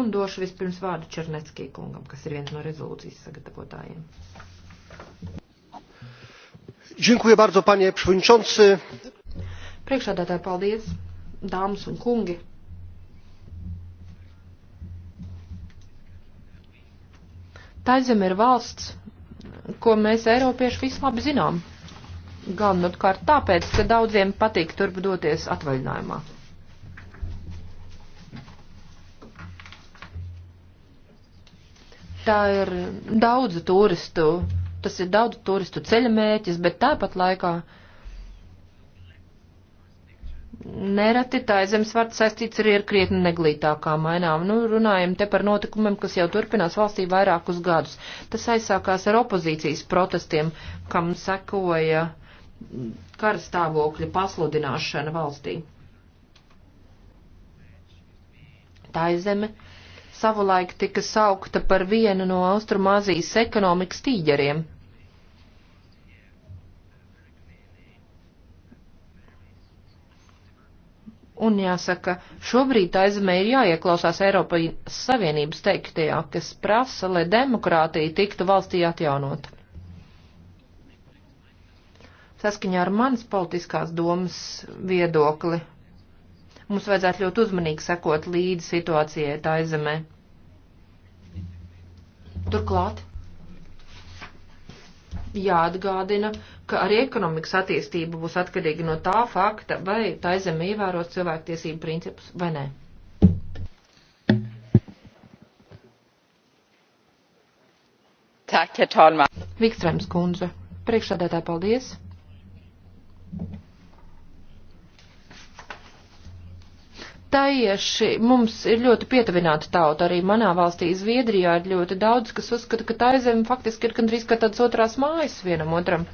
un došu vispirms vārdu Černetskī kungam, kas ir viens no rezolūcijas sagatavotājiem. Dziękuję bardzo, panie przewodniczący. Priekšādātāji, paldies, dāmas un kungi. Taizem ir valsts, ko mēs eiropieši visu labi zinām. Galvenokārt tāpēc, ka daudziem patīk turp doties atvaļinājumā. tā ir daudzu turistu, tas ir daudzu turistu ceļamēķis, bet tāpat laikā nereti tā zemes vārds saistīts arī ar krietni neglītākām mainām. Nu, runājam te par notikumiem, kas jau turpinās valstī vairākus gadus. Tas aizsākās ar opozīcijas protestiem, kam sekoja karstāvokļa pasludināšana valstī. Tā ir zeme savulaik tika saukta par vienu no Austrumāzijas ekonomikas tīģeriem. Un jāsaka, šobrīd aizemē ir jāieklausās Eiropas Savienības teiktajā, kas prasa, lai demokrātija tiktu valstī atjaunot. Saskaņā ar manas politiskās domas viedokli Mums vajadzētu ļoti uzmanīgi sekot līdzi situācijai tā zemē. Turklāt jāatgādina, ka arī ekonomikas attīstība būs atkarīga no tā fakta, vai tā zemē ievēros cilvēktiesību principus vai nē. Tack, herr talman. Vikströms kundze. Priekšsādātāji, paldies! Taieši mums ir ļoti pietuvināta tauta, arī manā valstī Zviedrijā ir ļoti daudz, kas uzskata, ka tā zeme faktiski ir gandrīz kā tāds otrās mājas vienam otram.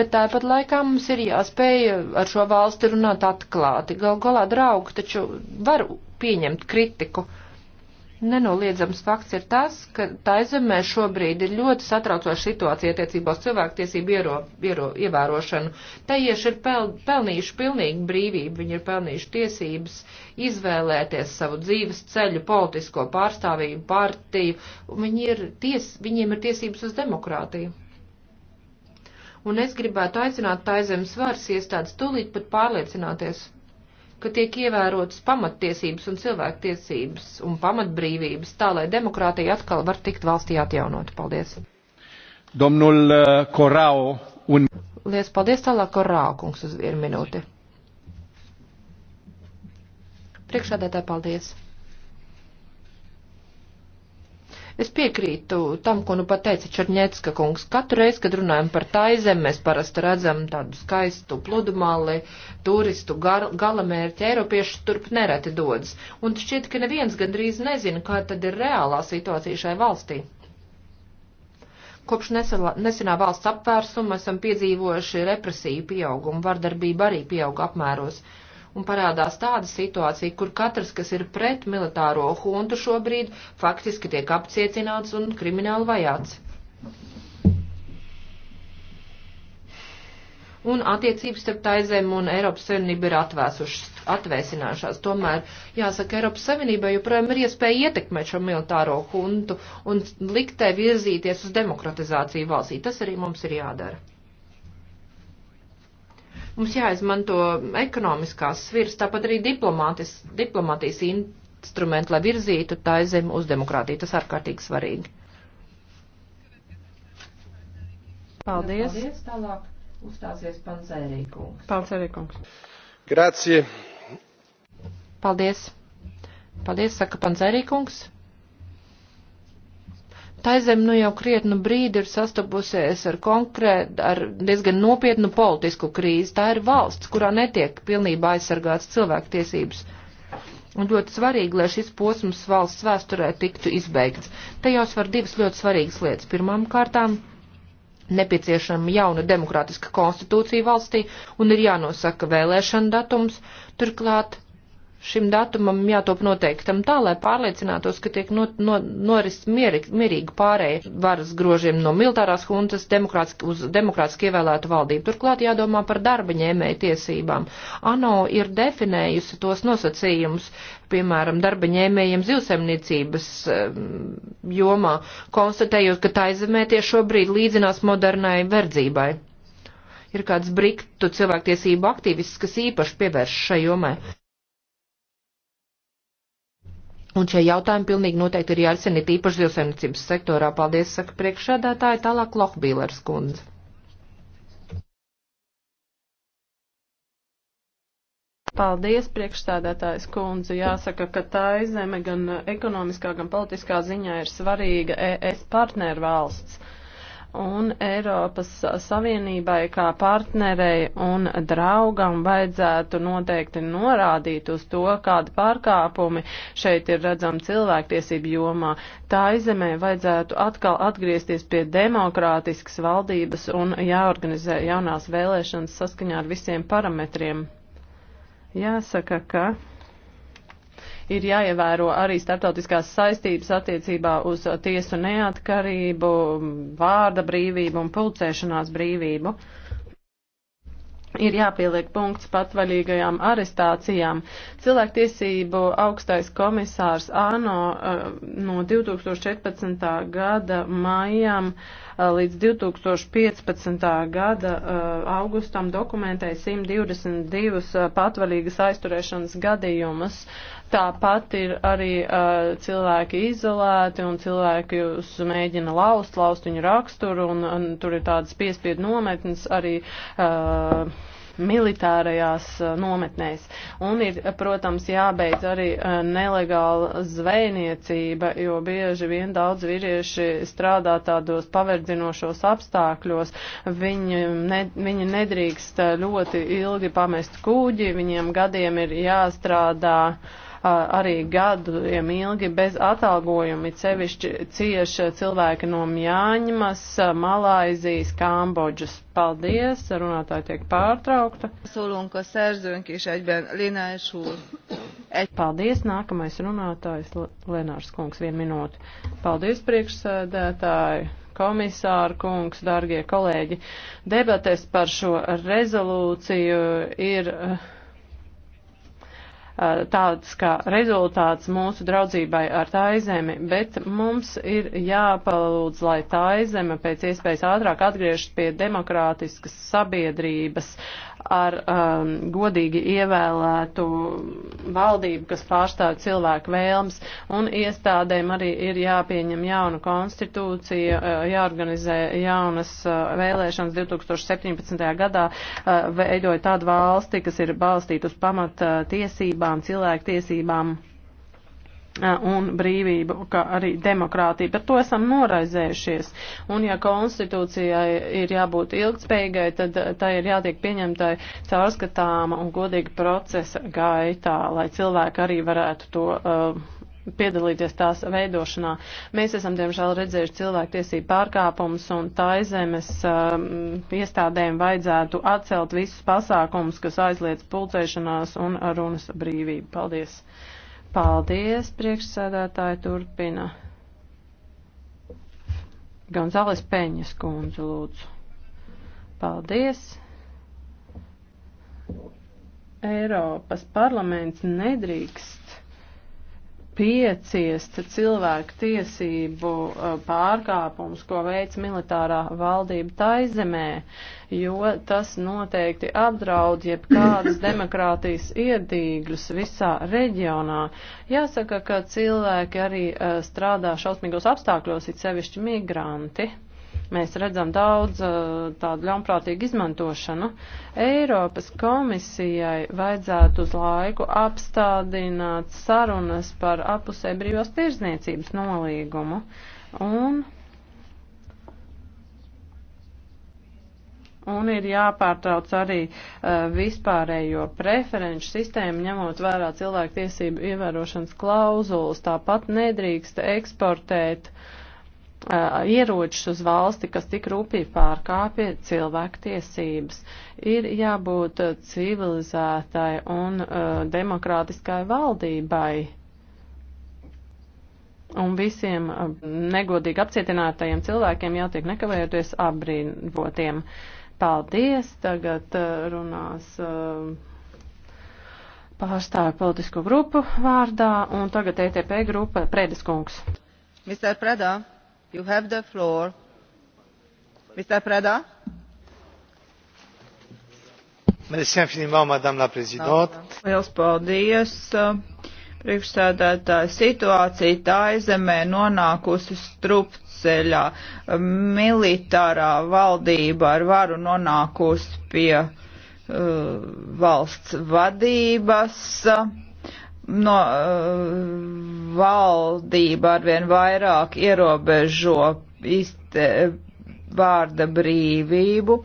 Bet tāpat laikā mums ir jāspēj ar šo valsti runāt atklāti. Gal galā draugi taču var pieņemt kritiku. Nenoliedzams fakts ir tas, ka Taizemē šobrīd ir ļoti satraucoša situācija attiecībā uz cilvēktiesību iero, iero, ievērošanu. Taieši ir pel, pelnījuši pilnīgi brīvību, viņi ir pelnījuši tiesības izvēlēties savu dzīves ceļu, politisko pārstāvību, partiju, un viņi ir ties, viņiem ir tiesības uz demokrātiju un es gribētu aicināt taizemes varas iestādes tūlīt pat pārliecināties ka tiek ievērotas pamattiesības un cilvēktiesības un pamatbrīvības, tā lai demokrātija atkal var tikt valstī atjaunot. Paldies. Domnul Korau uh, un. Lies paldies tālāk Korau, kungs, uz vienu minūti. Priekšādētāji, paldies. Es piekrītu tam, ko nu pat teica Černiecka kungs. Katru reizi, kad runājam par taizem, mēs parasti redzam tādu skaistu pludmali, turistu gar, galamērķi, eiropieši turp nereti dodas. Un šķiet, ka neviens gandrīz nezina, kā tad ir reālā situācija šai valstī. Kopš nesenā valsts apvērsuma esam piedzīvojuši represiju pieaugumu, vardarbība arī pieauga apmēros un parādās tāda situācija, kur katrs, kas ir pret militāro huntu šobrīd, faktiski tiek apcietināts un krimināli vajāts. Un attiecības starp Taizem un Eiropas Savienību ir atvēsinājušās. Tomēr, jāsaka, Eiropas Savienībā joprojām ir iespēja ietekmēt šo militāro huntu un liktē virzīties uz demokratizāciju valstī. Tas arī mums ir jādara. Mums jāizmanto ekonomiskās svirs, tāpat arī diplomātijas instrumenti, lai virzītu tā zem uz demokrātiju. Tas ārkārtīgi svarīgi. Paldies. Paldies. Tālāk uzstāsies Pancerīkungs. Pancerīkungs. Grācie. Paldies. Paldies, saka Pancerīkungs. Taizem nu jau krietnu brīdi ir sastapusies ar konkrēt, ar diezgan nopietnu politisku krīzi. Tā ir valsts, kurā netiek pilnībā aizsargāts cilvēktiesības. Un ļoti svarīgi, lai šis posms valsts vēsturē tiktu izbeigts. Te jau svar divas ļoti svarīgas lietas. Pirmām kārtām nepieciešama jauna demokrātiska konstitūcija valstī un ir jānosaka vēlēšana datums. Turklāt šim datumam jātop noteiktam tā, lai pārliecinātos, ka tiek no, no, noris mierīgi, mierīgi pārēja varas grožiem no militārās huntas demokrātiski, uz demokrātiski ievēlētu valdību. Turklāt jādomā par darba ņēmēju tiesībām. ANO ir definējusi tos nosacījumus, piemēram, darba ņēmējiem zivsemniecības jomā, konstatējot, ka tā izemē tie šobrīd līdzinās modernai verdzībai. Ir kāds briktu cilvēktiesību aktīvists, kas īpaši pievērš šai jomai. Un šie jautājumi pilnīgi noteikti ir jārisina tīpaši zilsainicības sektorā. Paldies, saka priekšsēdētāji, tālāk Lohbīlers kundze. Paldies, priekšstādātājs kundze. Jāsaka, ka tā izeme gan ekonomiskā, gan politiskā ziņā ir svarīga ES partnervalsts. valsts un Eiropas Savienībai kā partnerei un draugam vajadzētu noteikti norādīt uz to, kādi pārkāpumi šeit ir redzami cilvēktiesību jomā. Tā izemē vajadzētu atkal atgriezties pie demokrātiskas valdības un jāorganizē jaunās vēlēšanas saskaņā ar visiem parametriem. Jāsaka, ka ir jāievēro arī starptautiskās saistības attiecībā uz tiesu neatkarību, vārda brīvību un pulcēšanās brīvību ir jāpieliek punkts patvaļīgajām arestācijām. Cilvēktiesību augstais komisārs ANO eh, no 2014. gada maijam eh, līdz 2015. gada eh, augustam dokumentēja 122 patvaļīgas aizturēšanas gadījumus. Tāpat ir arī uh, cilvēki izolēti un cilvēki jūs mēģina laust, laust viņu raksturu un, un tur ir tādas piespiedu nometnes arī. Uh, militārajās nometnēs. Un ir, protams, jābeidz arī nelegāla zvejniecība, jo bieži vien daudz vīrieši strādā tādos paverdzinošos apstākļos. Viņi, ne, viņi nedrīkst ļoti ilgi pamest kūģi, viņiem gadiem ir jāstrādā. Uh, arī gadiem ilgi bez atalgojumi, cevišķi cieši cilvēki no Mjāņmas, Malaizijas, Kambodžas. Paldies, runātāji tiek pārtraukta. Solunko Sērzunki šeit Linēš úr. Paldies, nākamais runātājs Lenārs Kungs, vienu minūti. Paldies, priekšsēdētāji komisāra kungs, dārgie kolēģi, debates par šo rezolūciju ir uh, Eh, tāds kā rezultāts mūsu draudzībai ar Taizemi, bet mums ir jāpalūdz, lai Taizeme pēc iespējas ātrāk atgriežas pie demokrātiskas sabiedrības. Uh, ar um, godīgi ievēlētu valdību, kas pārstāv cilvēku vēlms, un iestādēm arī ir jāpieņem jauna konstitūcija, uh, jāorganizē jaunas uh, vēlēšanas 2017. gadā, uh, veidoja tādu valsti, kas ir balstīta uz pamat tiesībām, cilvēku tiesībām. Eh, un brīvību, kā arī demokrātiju. Par to esam noraizējušies. Un ja konstitūcijai ir jābūt ilgspējīgai, tad tai ir jātiek pieņemtai caurskatāma un godīga procesa gaitā, lai cilvēki arī varētu to. Uh, piedalīties tās veidošanā. Mēs esam, diemžēl, redzējuši cilvēktiesību pārkāpumus, un taizemes um, iestādēm vajadzētu atcelt visus pasākumus, kas aizliedz pulcēšanās un runas brīvību. Paldies! Paldies, priekšsēdētāji turpina. Gonzales Peņas kundze, lūdzu. Paldies. Eiropas parlaments nedrīkst pieciest cilvēku tiesību uh, pārkāpums, ko veic militārā valdība taizemē, jo tas noteikti apdraud jebkādas demokrātijas iedīgļus visā reģionā. Jāsaka, ka cilvēki arī uh, strādā šausmīgos apstākļos, it sevišķi migranti. Mēs redzam daudz uh, tādu ļaunprātīgu izmantošanu. Eiropas komisijai vajadzētu uz laiku apstādināt sarunas par apusē brīvās tirzniecības nolīgumu. Un un ir jāpārtrauc arī uh, vispārējo preferenču sistēmu, ņemot vērā cilvēku tiesību ievērošanas klauzulas. Tāpat nedrīkst eksportēt uh, ieročus uz valsti, kas tik rūpīgi pārkāpja cilvēktiesības. Ir jābūt civilizētai un uh, demokrātiskai valdībai. Un visiem negodīgi apcietinātajiem cilvēkiem jātiek nekavējoties apbrīnotiem. Paldies! Tagad runās uh, pārstāvi politisko grupu vārdā, un tagad ETP grupa Prēdiskungs. Mr. Preda you have the floor. Mr. Preda? Merci infiniment, Madame la Présidente. Liels paldies. Priekšsēdētāja situācija tā aizemē nonākusi strupceļā. Militārā valdība ar varu nonākusi pie uh, valsts vadības. Uh, no, eh, valdība arvien vairāk ierobežo izte, vārda brīvību.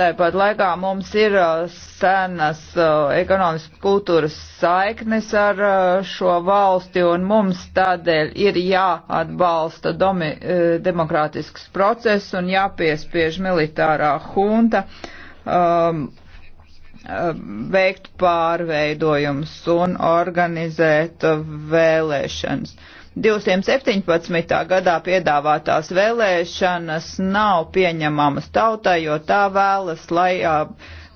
Tāpat laikā mums ir eh, senas eh, ekonomiskas kultūras saiknes ar šo valsti, un mums tādēļ ir jāatbalsta domi, demokrātisks process un jāpiespiež militārā hunta. Um, veikt pārveidojumus un organizēt vēlēšanas. 217. gadā piedāvātās vēlēšanas nav pieņemamas tautai, jo tā vēlas, lai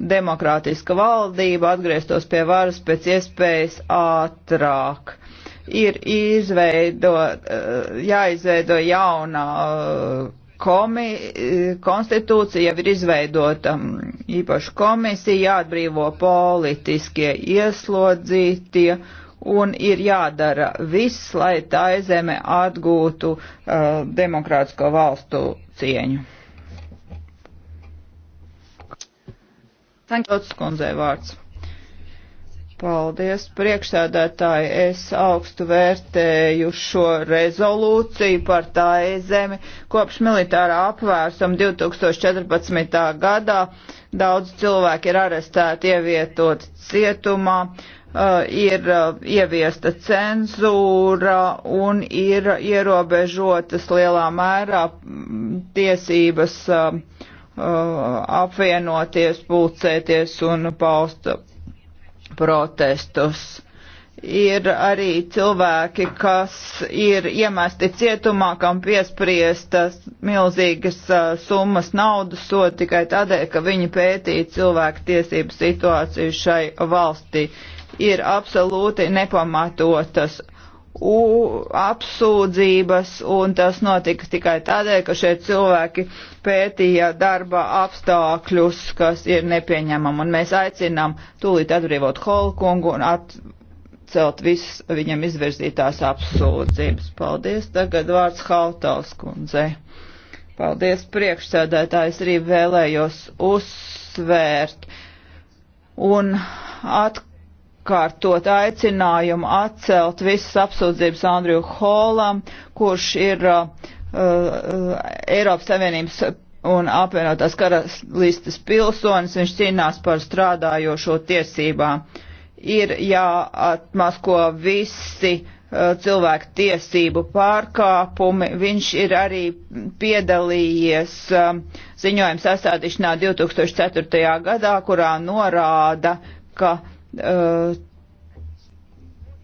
demokrātiska valdība atgrieztos pie varas pēc iespējas ātrāk. Ir izveido, jāizveido jaunā komi, konstitūcija jau ir izveidota īpaša komisija, jāatbrīvo politiskie ieslodzītie un ir jādara viss, lai tā zeme atgūtu uh, demokrātisko valstu cieņu. Tankots kundzei vārds. Paldies, priekšsēdētāji. Es augstu vērtēju šo rezolūciju par tā zemi. Kopš militārā apvērsuma 2014. gadā daudz cilvēki ir arestēti, ievietoti cietumā, uh, ir uh, ieviesta cenzūra un ir ierobežotas lielā mērā mm, tiesības uh, apvienoties, pulcēties un paust protestus. Ir arī cilvēki, kas ir iemesti cietumā, kam piespriestas milzīgas summas naudas sod tikai tādēļ, ka viņi pētīja cilvēku tiesību situāciju šai valstī. Ir absolūti nepamatotas u, apsūdzības, un tas notika tikai tādēļ, ka šie cilvēki pētīja darba apstākļus, kas ir nepieņemami, un mēs aicinām tūlīt atbrīvot Holkungu un atcelt visas viņam izvirzītās apsūdzības. Paldies, tagad vārds Hautaus kundzei. Paldies, priekšsēdētājs, arī vēlējos uzsvērt un atkārt atkārtot aicinājumu atcelt visas apsūdzības Andriju Holam, kurš ir uh, uh, Eiropas Savienības un apvienotās karalistes pilsonis, viņš cīnās par strādājošo tiesībām. Ir jāatmasko visi uh, cilvēku tiesību pārkāpumi. Viņš ir arī piedalījies uh, ziņojuma sastādīšanā 2004. gadā, kurā norāda, ka uh, uh,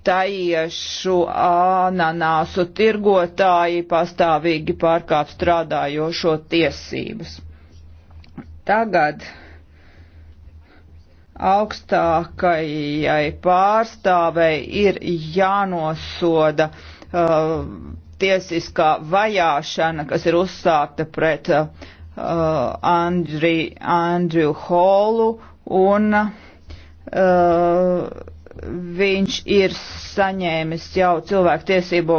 taiešu ananāsu tirgotāji pastāvīgi pārkāp strādājošo tiesības. Tagad augstākajai pārstāvei ir jānosoda uh, tiesiskā vajāšana, kas ir uzsākta pret uh, Andri, Andriju Holu un uh, Uh, viņš ir saņēmis jau cilvēktiesību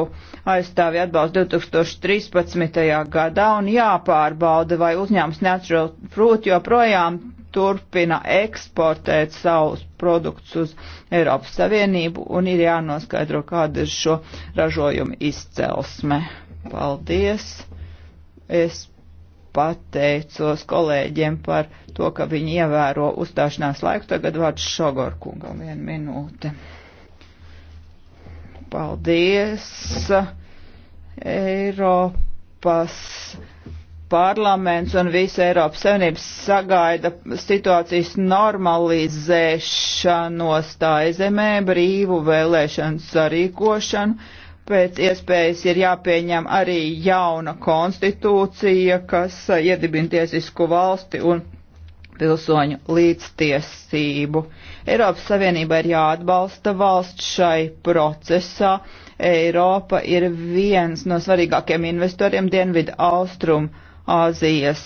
aizstāvi atbalstu 2013. gadā un jāpārbauda, vai uzņēmums Natural Fruit joprojām turpina eksportēt savus produktus uz Eiropas Savienību un ir jānoskaidro, kāda ir šo ražojumu izcelsme. Paldies! Es pateicos kolēģiem par to, ka viņi ievēro uzstāšanās laiku. Tagad vārds Šogorkungam vienu minūte. Paldies. Eiropas parlaments un visa Eiropas Savienības sagaida situācijas normalizēšanos tā zemē, brīvu vēlēšanu sarīkošanu pēc iespējas ir jāpieņem arī jauna konstitūcija, kas iedibina tiesisku valsti un pilsoņu līdztiesību. Eiropas Savienība ir jāatbalsta valsts šai procesā. Eiropa ir viens no svarīgākiem investoriem Dienvidu Austrum Āzijas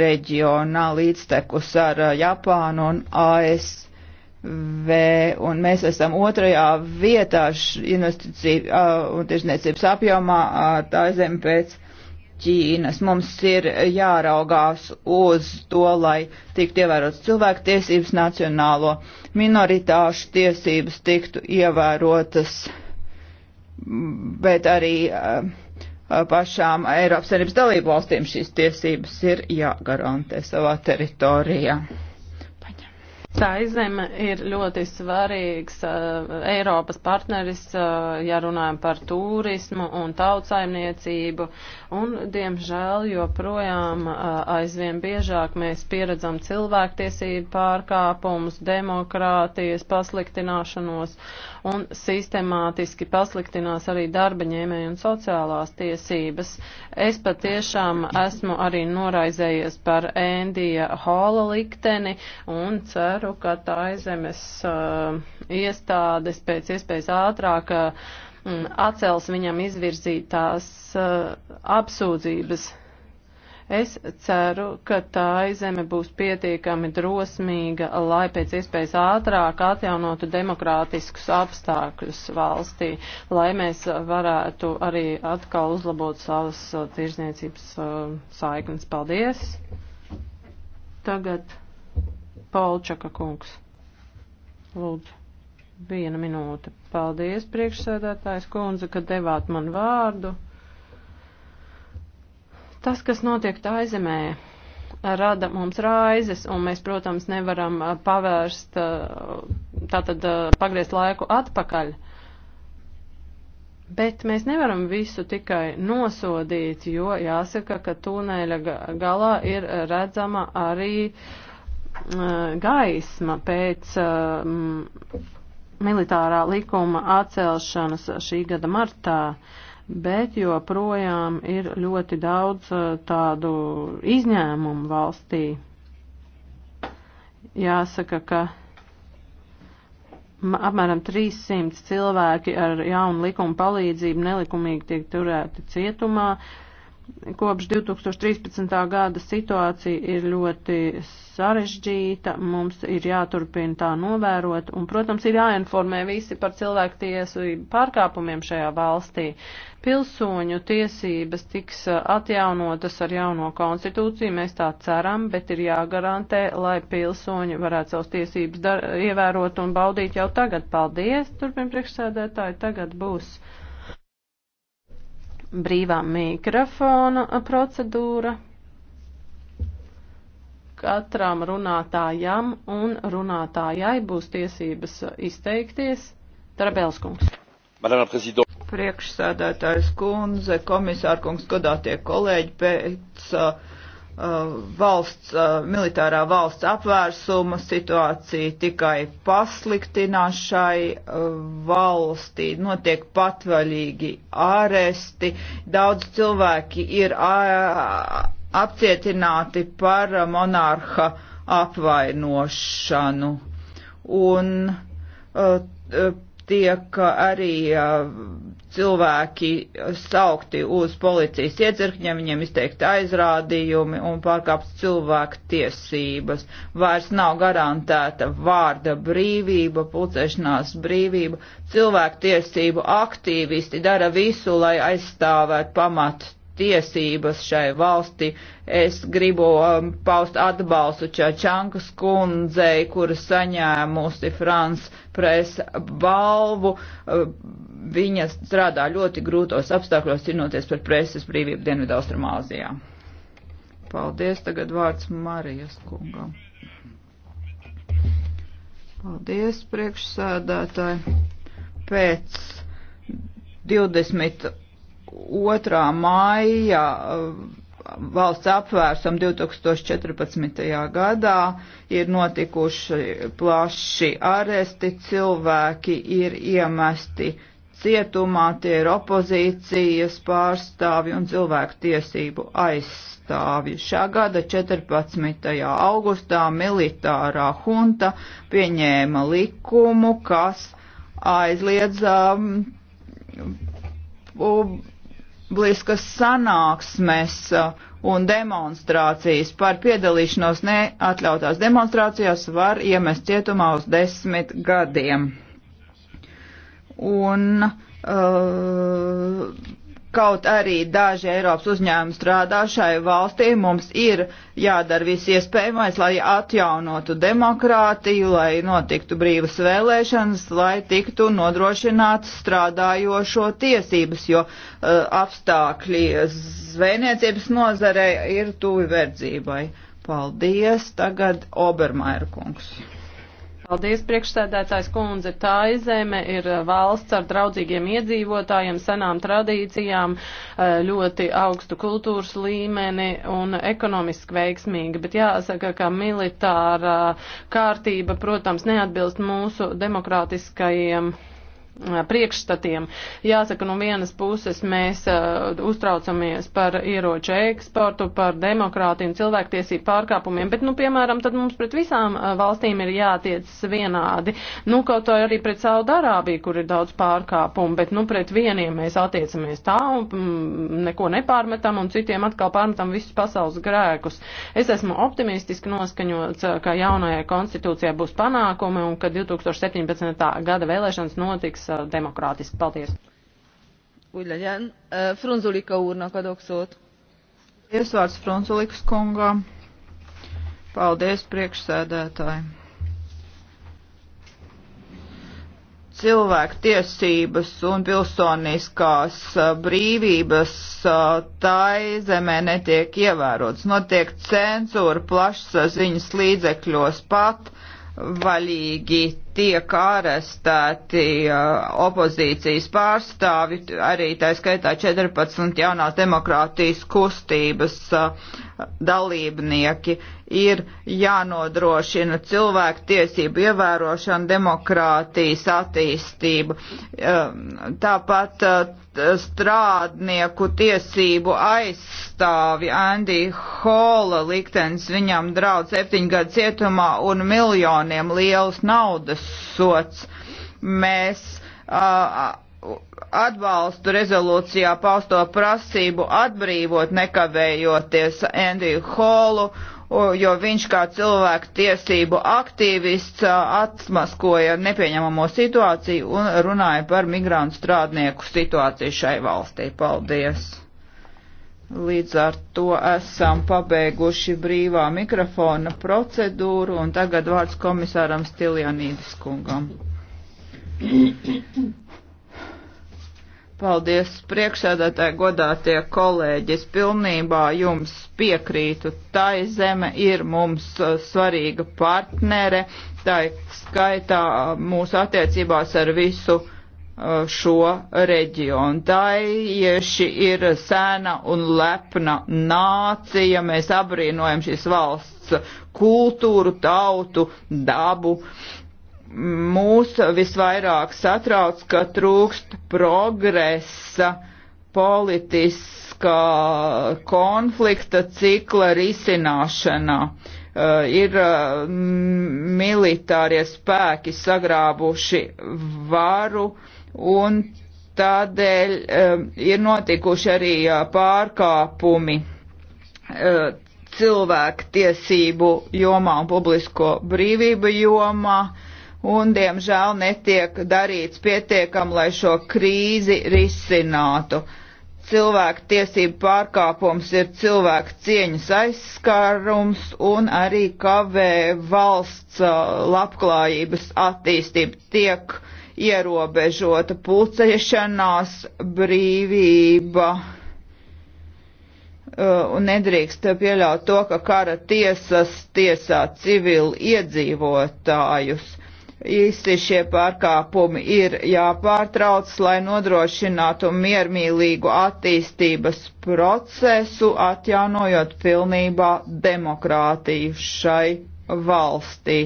reģionā līdztekus ar Japānu un ASV V, un mēs esam otrajā vietā investīciju uh, un tirzniecības apjomā uh, tā zem pēc Ķīnas. Mums ir jāraugās uz to, lai tiktu ievērotas cilvēku tiesības, nacionālo minoritāšu tiesības tiktu ievērotas, bet arī uh, pašām Eiropas Savienības dalību valstīm šīs tiesības ir jāgarantē savā teritorijā. Saizeme ir ļoti svarīgs uh, Eiropas partneris, uh, ja runājam par turismu un tautsaimniecību, un, diemžēl, joprojām uh, aizvien biežāk mēs pieredzam cilvēktiesību pārkāpumus, demokrātijas pasliktināšanos, uh, un sistemātiski pasliktinās arī darba ņēmēju un sociālās tiesības. Es patiešām esmu arī noraizējies par Endija Hola likteni un ceru, ka tā aizemes uh, iestādes pēc iespējas ātrāk uh, mm, atcels viņam izvirzītās uh, apsūdzības. Es ceru, ka tā izeme būs pietiekami drosmīga, lai pēc iespējas ātrāk atjaunotu demokrātiskus apstākļus valstī, lai mēs varētu arī atkal uzlabot savas uh, tirzniecības uh, saiknes. Paldies! Tagad Polčaka kungs. Lūdzu, viena minūte. Paldies, priekšsēdētājs kundze, ka devāt man vārdu. Tas, kas notiek tā aizemē, rada mums raizes, un mēs, protams, nevaram uh, pavērst, uh, tātad uh, pagriezt laiku atpakaļ. Bet mēs nevaram visu tikai nosodīt, jo jāsaka, ka tūneļa galā ir redzama arī gaisma pēc militārā likuma atcelšanas šī gada martā bet joprojām ir ļoti daudz uh, tādu izņēmumu valstī. Jāsaka, ka apmēram 300 cilvēki ar jaunu likumu palīdzību nelikumīgi tiek turēti cietumā, Kopš 2013. gada situācija ir ļoti sarežģīta, mums ir jāturpina tā novērot, un, protams, ir jāinformē visi par cilvēktiesu pārkāpumiem šajā valstī. Pilsoņu tiesības tiks atjaunotas ar jauno konstitūciju, mēs tā ceram, bet ir jāgarantē, lai pilsoņi varētu savas tiesības ievērot un baudīt jau tagad. Paldies, turpin priekšsēdētāji, tagad būs brīvā mikrofona procedūra katram runātājam un runātājai būs tiesības izteikties. Tarabelskungs. Priekšsēdētājs kundze, komisārkungs, godātie kolēģi, pēc uh, Uh, valsts, uh, militārā valsts apvērsuma situācija tikai pasliktinās šai uh, valstī, notiek patvaļīgi āresti, daudz cilvēki ir apcietināti par monārha apvainošanu. Un uh, tiek arī cilvēki saukti uz policijas iedzirkņiem, viņiem izteikti aizrādījumi un pārkāpts cilvēku tiesības. Vairs nav garantēta vārda brīvība, pulcēšanās brīvība. Cilvēku tiesību aktīvisti dara visu, lai aizstāvētu pamatu tiesības šai valsti. Es gribu um, paust atbalstu Čačankas kundzei, kura saņēmusi Frans presa balvu. Uh, viņa strādā ļoti grūtos apstākļos, cīnoties par preses brīvību Dienvidaustrumāzijā. Paldies, tagad vārds Marijas kungam. Paldies, priekšsēdētāji. Pēc 20 2. maija uh, valsts apvērsuma 2014. gadā ir notikuši plaši aresti, cilvēki ir iemesti cietumā, tie ir opozīcijas pārstāvi un cilvēku tiesību aizstāvi. Šā gada 14. augustā militārā hunta pieņēma likumu, kas aizliedza um, bliskas sanāksmes uh, un demonstrācijas par piedalīšanos neatļautās demonstrācijās var iemest cietumā uz desmit gadiem. Un uh, kaut arī daži Eiropas uzņēmumi strādā šai valstī, mums ir jādara viss iespējamais, lai atjaunotu demokrātiju, lai notiktu brīvas vēlēšanas, lai tiktu nodrošināts strādājošo tiesības, jo uh, apstākļi zvejniecības nozarei ir tuvi verdzībai. Paldies, tagad Obermairkungs. kungs. Paldies, priekšsēdētājs kundze. Tā izēme ir valsts ar draudzīgiem iedzīvotājiem, senām tradīcijām, eh, ļoti augstu kultūras līmeni un ekonomiski veiksmīga. Bet jāsaka, ka militārā kārtība, protams, neatbilst mūsu demokrātiskajiem priekšstatiem. Jāsaka, no vienas puses mēs uh, uztraucamies par ieroču eksportu, par demokrātiju un cilvēktiesību pārkāpumiem, bet, nu, piemēram, tad mums pret visām uh, valstīm ir jātiecas vienādi. Nu, kaut arī pret Saudārābiju, kur ir daudz pārkāpumu, bet, nu, pret vieniem mēs attiecamies tā un mm, neko nepārmetam un citiem atkal pārmetam visus pasaules grēkus. Es esmu optimistiski noskaņots, ka jaunajai konstitūcijai būs panākumi un ka 2017. gada vēlēšanas notiks Uh, demokrātiski. Paldies! Úgy legyen. Uh, Frunzulika úrnak adok szót. Iesvārds Frunzulikas kungam. Paldies priekšsēdētāji. cilvēku tiesības un pilsoniskās uh, brīvības tai zemē netiek ievērots. Notiek cenzūra plašsaziņas līdzekļos pat vaļīgi tiek arestēti opozīcijas pārstāvi, arī tā skaitā 14 jaunās demokrātijas kustības dalībnieki. Ir jānodrošina cilvēku tiesību ievērošana, demokrātijas attīstība. Tāpat strādnieku tiesību aizstāvi Andy Hola liktenis viņam draudz septiņu gadu cietumā un miljoniem lielas naudas sots. Mēs uh, atbalstu rezolūcijā pausto prasību atbrīvot nekavējoties Endiju Holu, jo viņš kā cilvēku tiesību aktīvists atmaskoja nepieņemamo situāciju un runāja par migrantu strādnieku situāciju šai valstī. Paldies! Līdz ar to esam pabeiguši brīvā mikrofona procedūru un tagad vārds komisāram Stiljanīdis kungam. Paldies, priekšsēdētāji, godātie kolēģi. Es pilnībā jums piekrītu. Tai zeme ir mums uh, svarīga partnere, tai skaitā uh, mūsu attiecībās ar visu Uh, šo reģionu. Taieši ir sena un lepna nācija, mēs abrīnojam šīs valsts kultūru, tautu, dabu. Mūs visvairāk satrauc, ka trūkst progresa politiskā konflikta cikla risināšanā. Uh, ir uh, militārie spēki sagrābuši varu uh, un tādēļ um, ir notikuši arī eh, pārkāpumi uh, cilvēku tiesību jomā un publisko brīvību jomā, un, diemžēl, netiek darīts pietiekam, lai šo krīzi risinātu. Cilvēku tiesību pārkāpums ir cilvēku cieņas aizskārums un arī kavē valsts labklājības attīstība tiek uh, ierobežota pulcēšanās brīvība. Uh, un nedrīkst pieļaut to, ka kara tiesas tiesā civili iedzīvotājus. Īsti šie pārkāpumi ir jāpārtrauc, lai nodrošinātu miermīlīgu attīstības procesu, atjaunojot pilnībā demokrātiju šai valstī.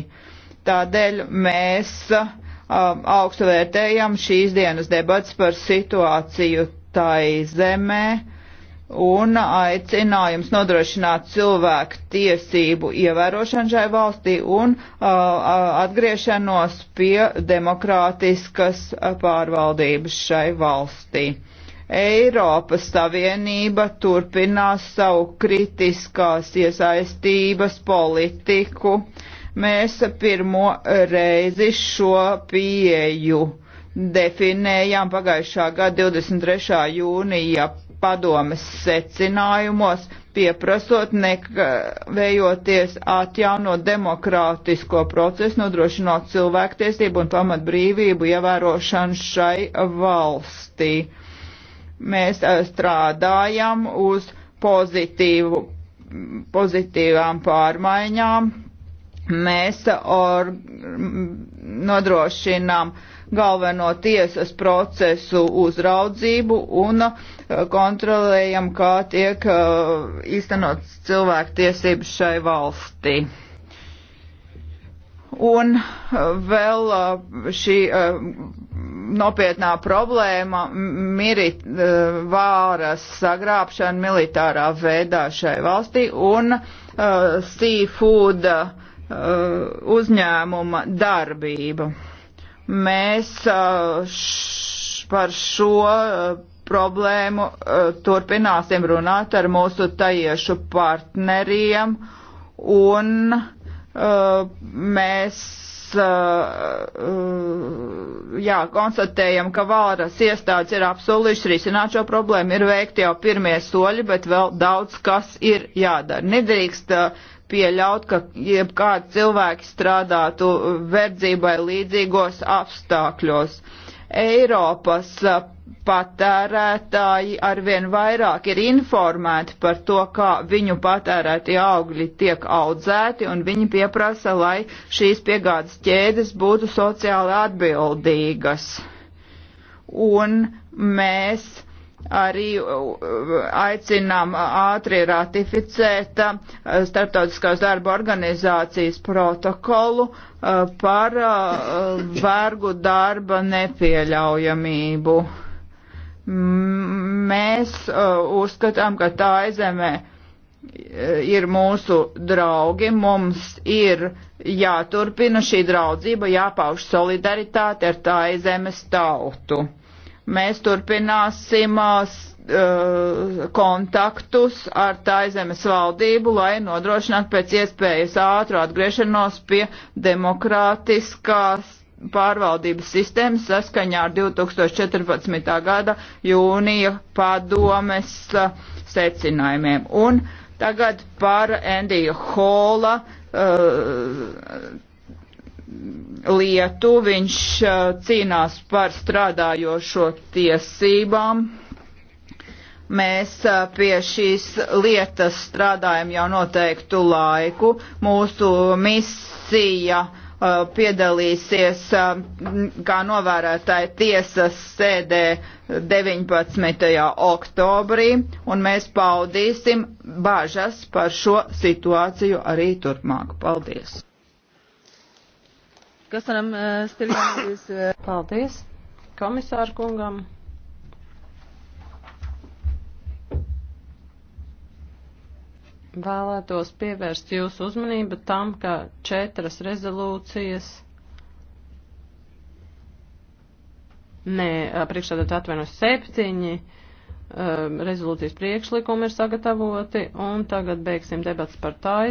Tādēļ mēs uh, Um, augstu vērtējam šīs dienas debats par situāciju tai zemē un aicinājums nodrošināt cilvēku tiesību ievērošanu šai valstī un uh, uh atgriešanos pie demokrātiskas uh, pārvaldības šai valstī. Eiropas Savienība turpinās savu kritiskās iesaistības politiku uh, Mēs pirmo reizi šo pieju definējām pagājušā gada 23. jūnija padomes secinājumos, pieprasot nekavējoties atjaunot demokrātisko procesu, nodrošinot cilvēktiesību un pamatbrīvību ievērošanu šai valstī. Mēs eh, strādājam uz pozitīvu, pozitīvām pārmaiņām, mēs or, nodrošinām galveno tiesas procesu uzraudzību un eh, kontrolējam, kā tiek eh, īstenots cilvēktiesības šai valstī. Un eh, vēl šī nopietnā problēma - mirit vāras sagrābšana militārā veidā šai valstī un seafood uh, Uh, uzņēmuma darbību. Mēs uh, par šo uh, problēmu turpināsim runāt ar mūsu tajiešu partneriem un mēs jā, konstatējam, ka valras iestādes ir apsolījušas risināt šo problēmu, ir veikti jau pirmie soļi, bet vēl daudz kas ir jādara. Nedrīkst uh, pieļaut, ka jebkāds cilvēks strādātu verdzībai līdzīgos apstākļos. Eiropas patērētāji arvien vairāk ir informēti par to, kā viņu patērētie augļi tiek audzēti, un viņi pieprasa, lai šīs piegādes ķēdes būtu sociāli atbildīgas. Un mēs arī uh, aicinām ātri ratificēt uh, Starptautiskās darba organizācijas protokolu uh, par vergu darba nepieļaujamību. Mēs uzskatām, ka tā aizemē ir mūsu draugi, mums ir jāturpina šī draudzība, jāpauž solidaritāte ar tā aizemes tautu Mēs turpināsim uh, uh, kontaktus ar Taizemes valdību, lai nodrošinātu pēc iespējas ātru atgriešanos pie demokrātiskās pārvaldības sistēmas saskaņā ar 2014. gada jūnija padomes uh, secinājumiem. Un tagad par Endija Hola uh, lietu, viņš uh, cīnās par strādājošo tiesībām. Mēs uh, pie šīs lietas strādājam jau noteiktu laiku. Mūsu misija uh, piedalīsies kā novērētāji tiesas sēdē 19. oktobrī, un mēs paudīsim bažas par šo situāciju arī turpmāk. Paldies! Köszönöm, eh, Stiljānijas. Eh. Paldies komisāru kungam. Vēlētos pievērst jūsu uzmanību tam, ka četras rezolūcijas. Nē, eh, priekšsēdētāji atvainojas septiņi rezolūcijas priekšlikumi ir sagatavoti, un tagad beigsim debats par tā.